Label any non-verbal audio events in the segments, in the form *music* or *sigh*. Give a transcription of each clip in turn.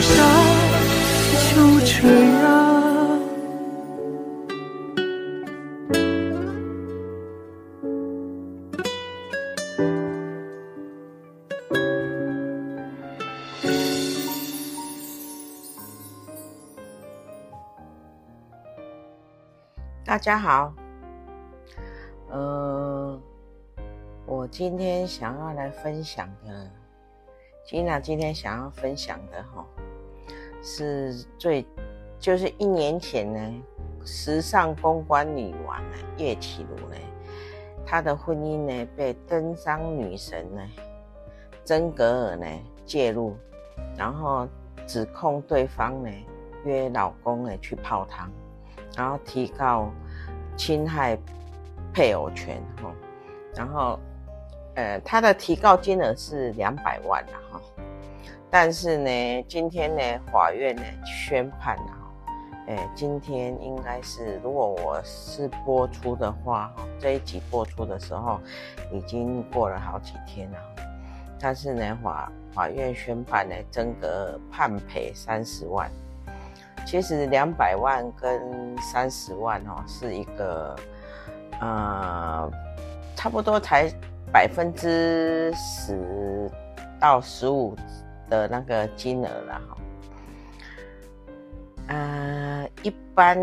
就這樣。大家好，嗯、呃，我今天想要來分享的，Gina 今天想要分享的哈。是最，就是一年前呢，時尚公關女王呢，葉綺儒呢，她的婚姻呢被登山女神呢，曾格爾呢介入，然後指控對方呢約老公呢去泡湯，然後提告侵害配偶權哈、哦，然後呃她的提告金額是兩百萬了、啊、哈。哦但是呢，今天呢，法院呢宣判了，誒，今天應該是，如果我是播出的話，這一集播出的時候，已經過了好幾天了。但是呢，法法院宣判呢，整個判賠三十萬，其實兩百萬跟三十萬呢是一個，呃，差不多才百分之十到十五。的那個金額了哈，呃，一般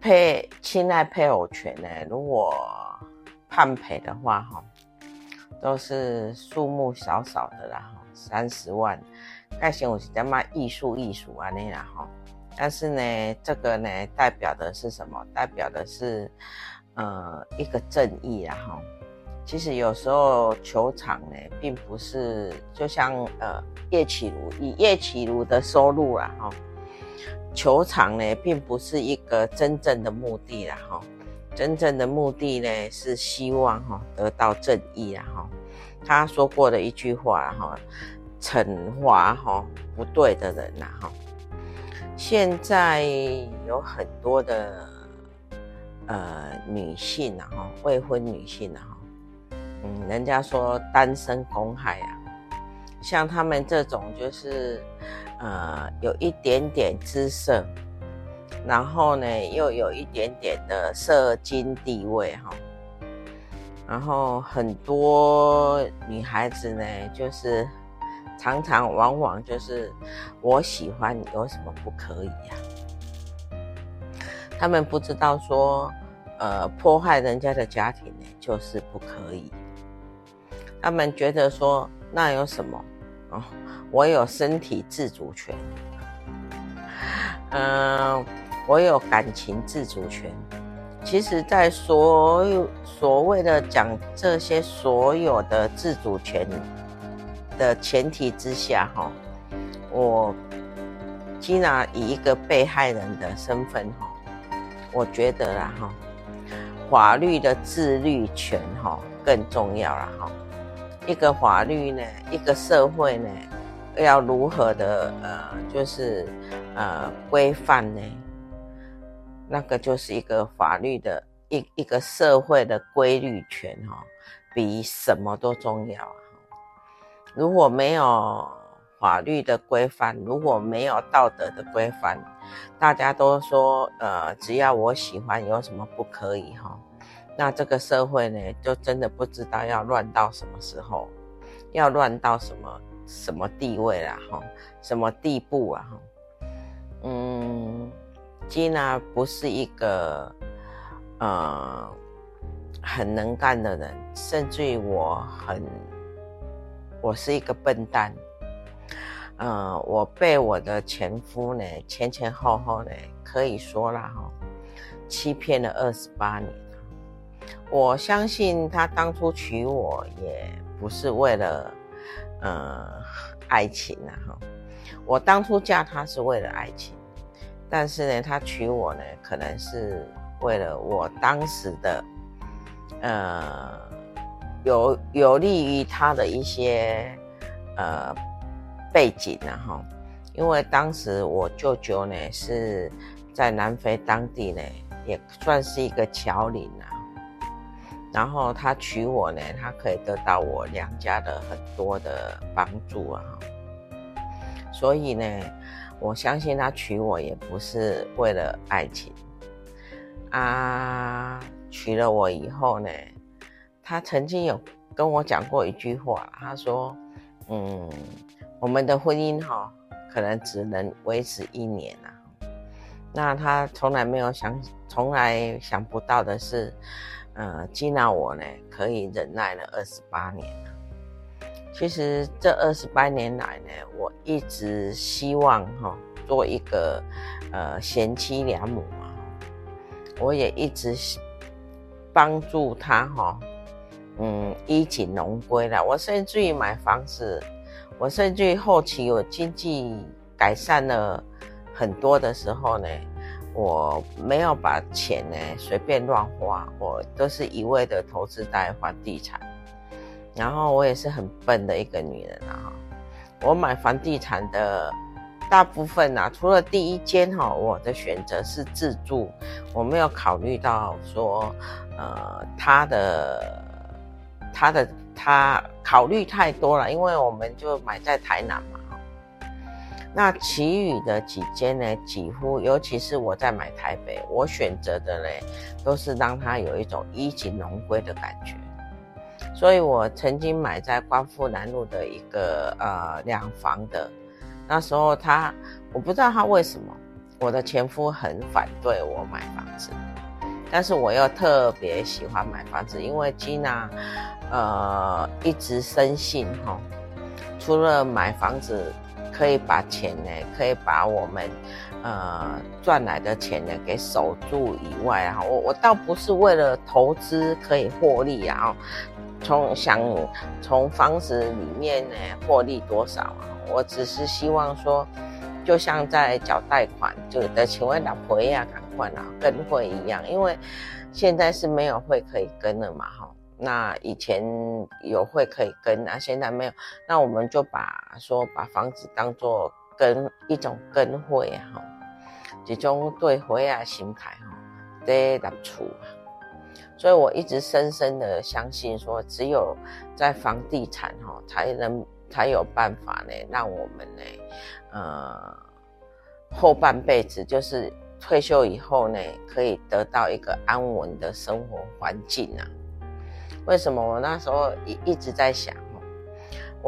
配侵害配偶權呢，如果判賠的話哈，都是數目少少的啦，哈，三十萬。蓋先我是在賣藝術藝術啊那樣哈，但是呢，這個呢代表的是什麼？代表的是呃一個正義了哈。吼其實有時候求償呢，並不是就像呃葉啟儒以葉啟儒的收入啦、啊、哈、哦，求償呢並不是一個真正的目的啦、啊、哈、哦，真正的目的呢是希望哈、哦、得到正義啦、啊、哈、哦。他說過的一句話哈、啊，懲罰哈不對的人啦、啊、哈、哦。現在有很多的呃女性啦、啊、哈，未婚女性啦、啊、哈。嗯、人家說單身公害呀、啊，像他們這種就是，呃，有一點點姿色，然後呢又有一點點的社經地位哈、哦，然後很多女孩子呢，就是常常往往就是我喜歡你有什麼不可以呀、啊？他們不知道說，呃，破壞人家的家庭呢，就是不可以。他們覺得說那有什麼啊、哦？我有身體自主權，嗯、呃，我有感情自主權。其實，在所有所謂的講這些所有的自主權的前提之下，哈、哦，我基本上以一個被害人的身份，哈、哦，我覺得啦，哈、哦，法律的自律權，哈、哦，更重要了，哈、哦。一個法律呢，一個社會呢，要如何的，呃，就是呃，規範呢？那個就是一個法律的一一個社會的規律權哈、哦，比什麼都重要啊。如果沒有法律的規範，如果沒有道德的規範，大家都說呃，只要我喜歡，有什麼不可以哈、哦？那這個社會呢，就真的不知道要亂到什麼時候，要亂到什麼什麼地位啦，哈，什麼地步啊，嗯，金娜不是一個，呃，很能幹的人，甚至於我很，我是一個笨蛋，嗯、呃，我被我的前夫呢，前前後後呢可以說啦，哈，欺騙了二十八年。我相信他當初娶我也不是為了，呃，愛情了哈。我當初嫁他是為了愛情，但是呢，他娶我呢，可能是為了我當時的，呃，有有利於他的一些，呃，背景啊哈。因為當時我舅舅呢是在南非當地呢，也算是一個僑領啊。然後他娶我呢，他可以得到我娘家的很多的幫助啊。所以呢，我相信他娶我也不是為了愛情啊。娶了我以後呢，他曾經有跟我講過一句話，他說：“嗯，我們的婚姻哈、哦，可能只能維持一年啊。”那他從來沒有想，從來想不到的是。呃，接納我呢，可以忍耐了二十八年。其實這二十八年來呢，我一直希望哈、哦，做一個呃賢妻良母嘛。我也一直幫助他哈、哦，嗯，衣錦榮歸了。我甚至於買房子，我甚至於後期我經濟改善了很多的時候呢。我沒有把錢呢隨便亂花，我都是一味的投資在房地產。然後我也是很笨的一個女人啊。我買房地產的大部分啊，除了第一間哈、哦，我的選擇是自住，我沒有考慮到說，呃，他的、他的、他考慮太多了，因為我們就買在台南嘛。那其餘的幾間呢？幾乎尤其是我在買台北，我選擇的嘞，都是讓它有一種衣錦榮歸的感覺。所以我曾經買在光復南路的一個呃兩房的，那時候他，我不知道他為什麼，我的前夫很反對我買房子，但是我又特別喜歡買房子，因為吉娜，呃，一直深信哈，除了買房子。可以把錢呢，可以把我們，呃，賺來的錢呢給守住以外啊，我我倒不是為了投資可以獲利啊，從想從房子裡面呢獲利多少啊，我只是希望說，就像在繳貸款，就得請問老婆一樣，趕快啊跟會一樣，因為現在是沒有會可以跟了嘛，哈。那以前有會可以跟啊，現在沒有。那我們就把說把房子當做跟一種跟會哈、啊，其中對會啊形態哈，在立處啊。所以我一直深深的相信說，只有在房地產哈、啊，才能才有辦法呢，讓我們呢，呃，後半輩子就是退休以後呢，可以得到一個安穩的生活環境啊。為什麼我那時候一一直在想吼，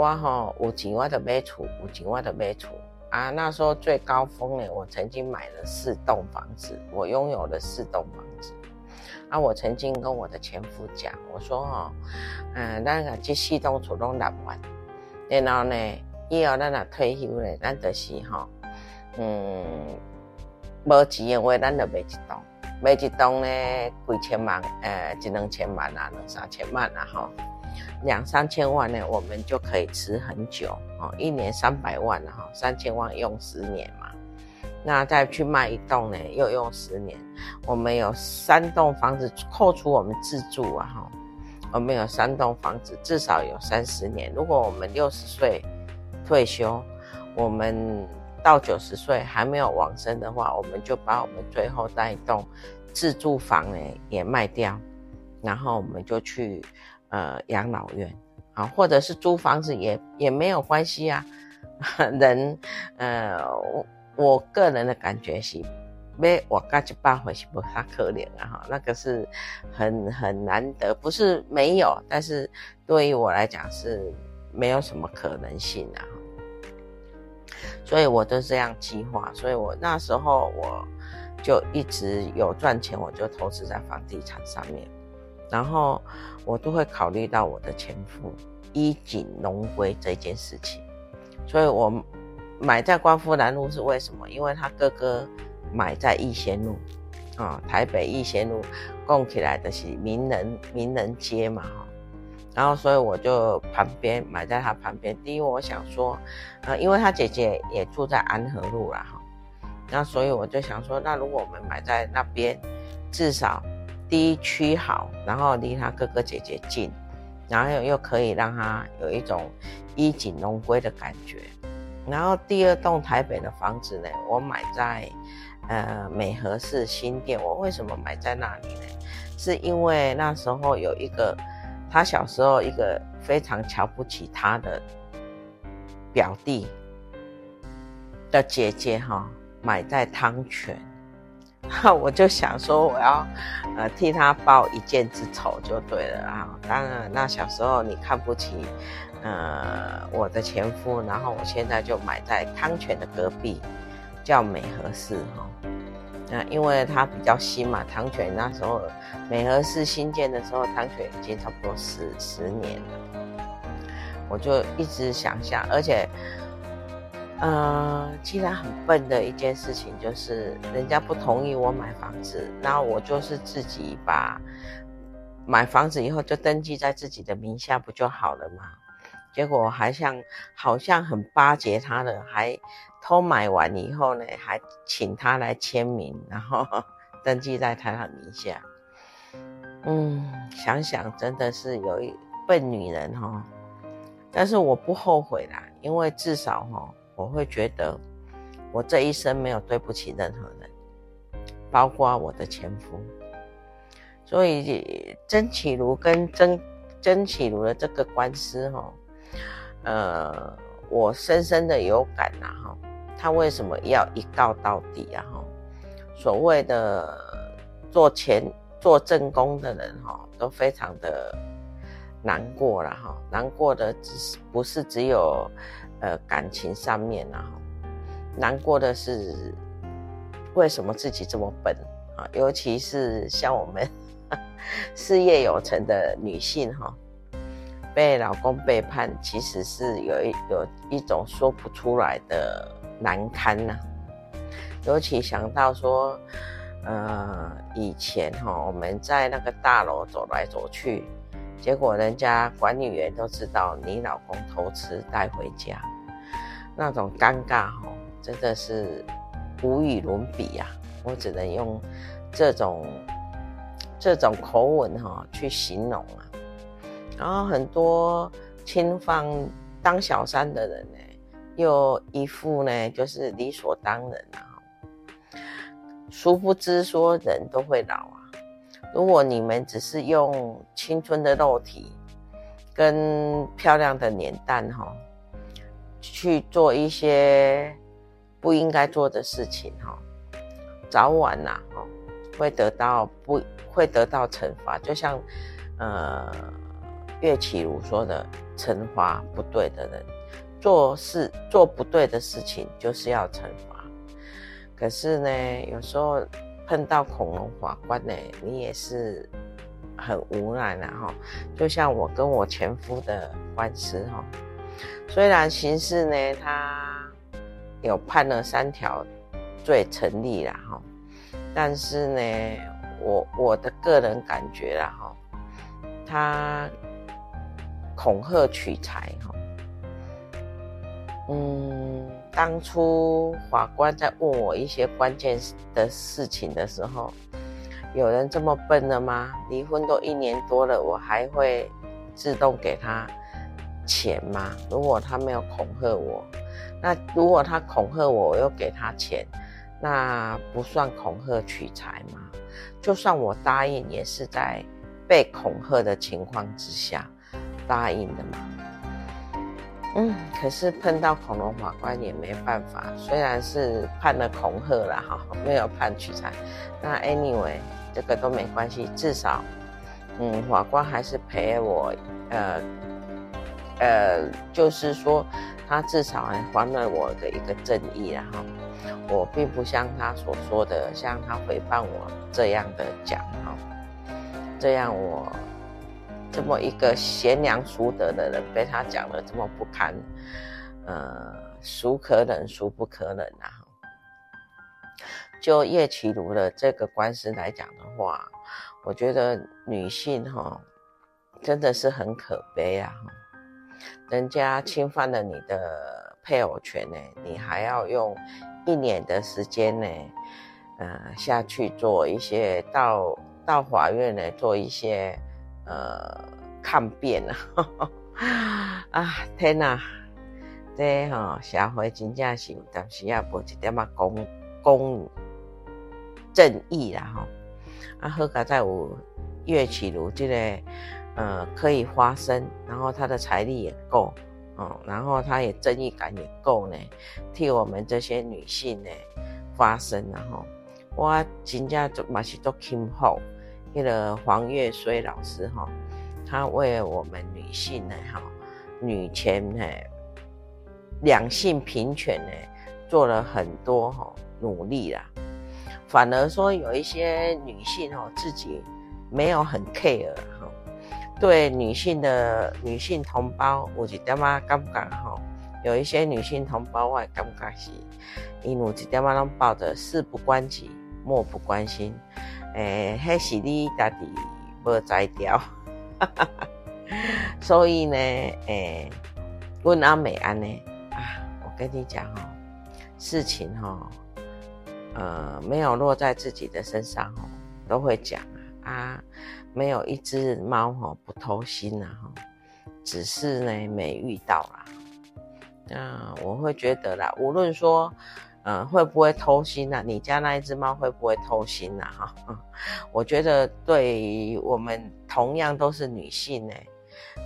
哇吼、哦，有錢我就買厝，有錢我就買厝啊！那時候最高峰呢，我曾經買了四棟房子，我擁有了四棟房子啊！我曾經跟我的前夫講，我說哈、哦，嗯，咱啊就四棟厝攏拿完，然後呢，以後咱啊退休嘞，咱就是哈、哦，嗯，無錢我也咱就賣一棟。每幾棟呢？幾千萬？呃只能千萬啊？兩三千萬啊？哈，兩三千萬呢？我們就可以持很久哦。一年三百萬啊？哈，三千萬用十年嘛？那再去賣一棟呢？又用十年？我們有三棟房子扣除我們自住啊？哈，我們有三棟房子，至少有三十年。如果我們六十歲退休，我們，到九十歲還沒有往生的話，我們就把我們最後那一棟自住房呢，也也賣掉，然後我們就去呃養老院啊，或者是租房子也也沒有關係啊。人呃，我我個人的感覺是，沒我感覺辦法是不太可能啊。哈。那個是很很難得，不是沒有，但是對於我來講是沒有什麼可能性的，啊。所以我都這樣計劃，所以我那時候我就一直有賺錢，我就投資在房地產上面，然後我都會考慮到我的前夫衣錦榮歸這件事情，所以我買在光復南路是為什麼？因為他哥哥買在逸仙路，啊，台北逸仙路供起來的是名人名人街嘛。然後，所以我就旁邊買在他旁邊。第一，我想說，呃，因為他姐姐也住在安和路啦哈，那所以我就想說，那如果我們買在那邊，至少第一區好，然後離他哥哥姐姐近，然後又可以讓他有一種衣錦榮歸的感覺。然後第二棟台北的房子呢，我買在呃美和市新店。我為什麼買在那裡呢？是因為那時候有一個。他小時候一個非常瞧不起他的表弟的姐姐哈、哦，買在湯泉，我就想說我要呃替他報一箭之仇就對了啊。當然，那小時候你看不起呃我的前夫，然後我現在就買在湯泉的隔壁，叫美和寺哈。哦那、啊、因為它比較新嘛，唐泉那時候美和市新建的時候，唐泉已經差不多十十年了。我就一直想想，而且，呃，既然很笨的一件事情就是人家不同意我買房子，那我就是自己把買房子以後就登記在自己的名下不就好了嗎？結果還像好像很巴結他的還。偷買完以後呢，還請他來簽名，然後登記在他名下。嗯，想想真的是有一笨女人哈，但是我不後悔啦，因為至少哈，我會覺得我這一生沒有對不起任何人，包括我的前夫。所以曾啟儒跟曾曾啟儒的這個官司哈，呃，我深深的有感吶啊哈。他為什麼要一告到底啊？哈，所謂的做前做正宮的人哈，都非常的難過了哈。難過的只是不是只有呃感情上面啊，哈，難過的是為什麼自己這麼笨啊？尤其是像我們哈哈事業有成的女性哈，被老公背叛，其實是有一有一種說不出來的。難堪吶、啊！尤其想到說，呃，以前哈我們在那個大樓走來走去，結果人家管理員都知道你老公偷吃帶回家，那種尷尬哈，真的是無與倫比啊！我只能用這種這種口吻哈去形容啊。然後很多親方當小三的人呢、欸。又一副呢，就是理所當然啊，哈。殊不知說人都會老啊。如果你們只是用青春的肉體跟漂亮的臉蛋哈，去做一些不應該做的事情哈，早晚吶、啊、會得到不會得到懲罰。就像呃岳綺羅說的，懲罰不對的人。做事做不對的事情就是要懲罰，可是呢，有時候碰到恐龍法官呢，你也是很無奈的哈。就像我跟我前夫的官司哈、哦，雖然刑事呢，他有判了三條罪成立了哈、哦，但是呢，我我的個人感覺啦哈、哦，他恐嚇取財哈。哦嗯，當初法官在問我一些關鍵的事情的時候，有人這麼笨的嗎？離婚都一年多了，我還會自動給他錢嗎？如果他沒有恐嚇我，那如果他恐嚇我，我又給他錢，那不算恐嚇取財嗎？就算我答應，也是在被恐嚇的情況之下答應的嘛。嗯，可是碰到恐龍法官也沒辦法，雖然是判了恐嚇了哈，沒有判取財。那 anyway 這個都沒關係，至少，嗯，法官還是陪我，呃，呃，就是說他至少還，還還了我的一個正義了哈。我並不像他所說的，像他誹謗我這樣的講哈，這樣我。這麼一個賢良淑德的人，被他講得這麼不堪，呃，孰可忍孰不可忍啊！就葉奇如的這個官司來講的話，我覺得女性哈、哦、真的是很可悲啊！人家侵犯了你的配偶權呢，你還要用一年的時間呢，呃，下去做一些到到法院呢做一些。呃，看遍吶！啊，天吶、啊，這吼、哦、社會真正是，但是也不一點嘛，公公正義啦吼、哦。啊，好在在有月起如這個呃，可以發聲，然後他的財力也夠，哦，然後他也正義感也夠呢，替我們這些女性呢發聲然後，我真正做嘛是做欽服。為了黃越綏老師哈，他為我們女性呢哈，女權呢，兩性平權呢，做了很多哈努力啦。反而說有一些女性哦，自己沒有很 care 哈，對女性的女性同胞，我覺得嘛尷尬哈。有一些女性同胞，我也尷尬是，因為只他點點都抱着，事不關己，漠不關心。誒，那是你家弟不哈哈 *laughs* 所以呢，誒，問阿美安呢啊，我跟你講哦，事情哦，呃，沒有落在自己的身上哦，都會講啊，啊沒有一隻貓哦不偷腥啊、哦，只是呢沒遇到啦，那、啊、我會覺得啦，無論說。嗯，會不會偷腥啊？你家那一隻貓會不會偷腥啊？哈，我覺得，對於我們同樣都是女性呢、欸，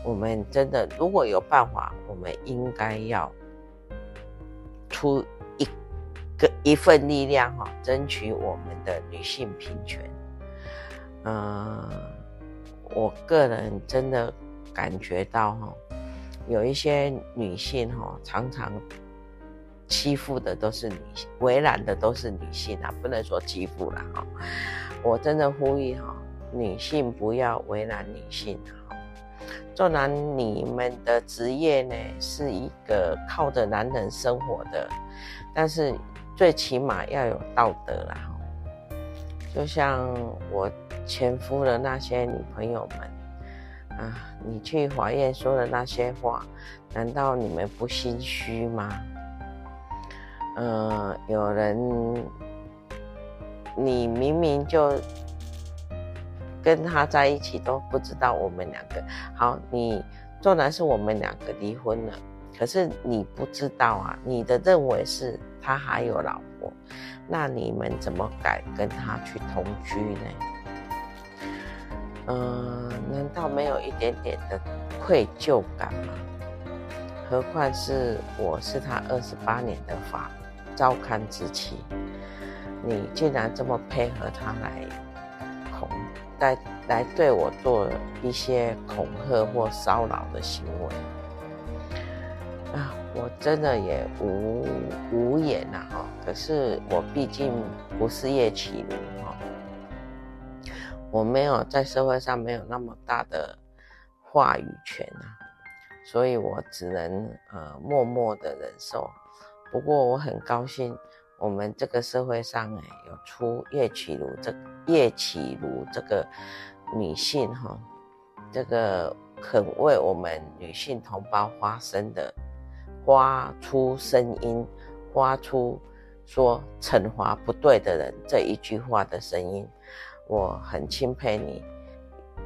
我們真的如果有辦法，我們應該要出一一個一份力量哈、哦，爭取我們的女性平權。嗯、呃，我個人真的感覺到哈、哦，有一些女性哈、哦，常常。欺負的都是女性，為難的都是女性啊，不能說欺負了哈、哦。我真的呼籲哈，女性不要為難女性哈。縱、哦、然你們的職業呢，是一個靠着男人生活的，但是最起碼要有道德啦哈。就像我前夫的那些女朋友們啊，你去法院說的那些話，難道你們不心虛嗎？嗯、呃，有人，你明明就跟他在一起，都不知道我們兩個好，你縱然是我們兩個離婚了，可是你不知道啊，你的認為是他還有老婆，那你們怎麼敢跟他去同居呢？嗯、呃，難道沒有一點點的愧疚感嗎？何況是我是他二十八年的法。糟糠之妻，你竟然這麼配合他來恐、帶來對我做一些恐嚇或騷擾的行為啊！我真的也無無言吶、啊，哈、哦。可是我畢竟不是葉啟倫，哈、哦，我沒有在社會上沒有那麼大的話語權啊，所以我只能呃默默的忍受。不過我很高興，我們這個社會上誒有出岳啟儒這岳啟儒這個女性哈，這個肯為我們女性同胞發聲的，發出聲音，發出說懲罰不對的人這一句話的聲音，我很欽佩你，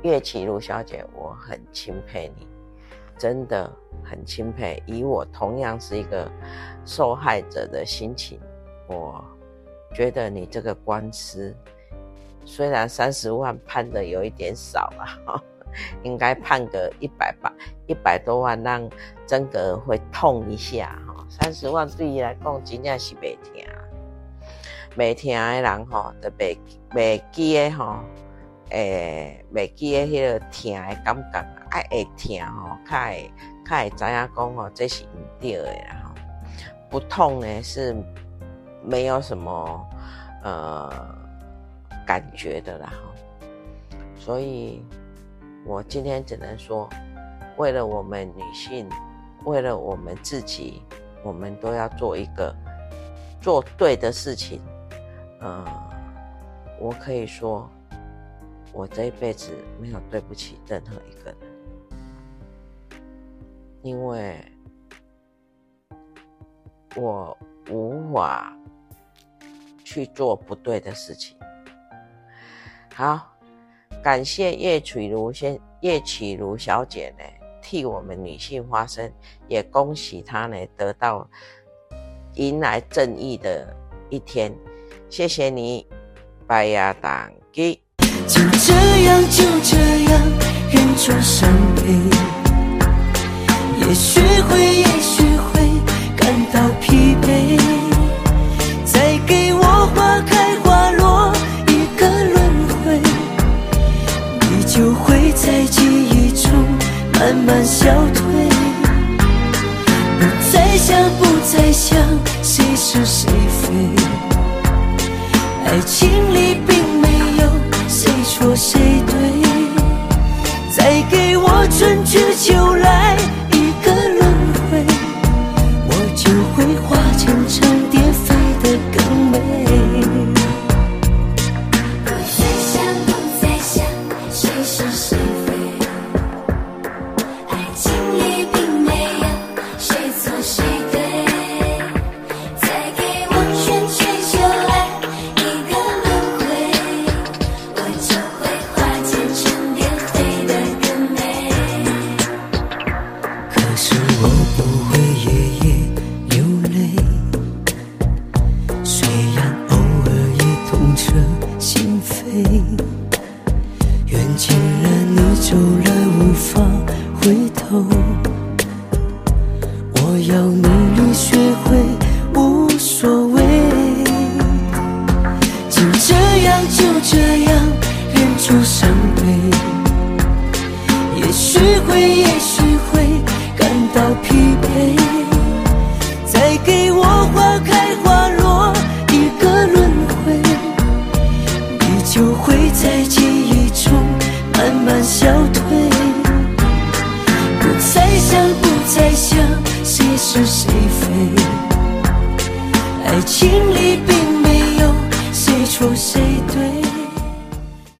岳啟儒小姐，我很欽佩你。真的很欽佩，以我同樣是一個受害者的心情，我覺得你這個官司雖然三十萬判得有一點少啦，啊，應該判個一百萬，一百多萬，讓真格會痛一下哈。三十萬對於來講，真正是袂痛，袂痛的人哈，特別袂記的哈。誒、欸，不記得那個痛的感覺啊，愛會痛吼、喔，才會才會知影講這是唔對的啦。不痛呢、欸，是沒有什麼呃感覺的啦。所以我今天只能說，為了我們女性，為了我們自己，我們都要做一個做對的事情。呃，我可以說。我這一輩子沒有對不起任何一個人，因為我無法去做不對的事情。好，感謝葉啟如，先葉啟如小姐呢，替我們女性發聲，也恭喜她呢，得到迎來正義的一天。謝謝你，拜亞當給。就這樣，就這樣，忍住傷悲，也許會，也許會感到疲憊。再給我花開花落一個輪迴，你就會在記憶中慢慢消退。不再想，不再想，誰是誰非？愛情裡。說誰對？再給我春去秋來。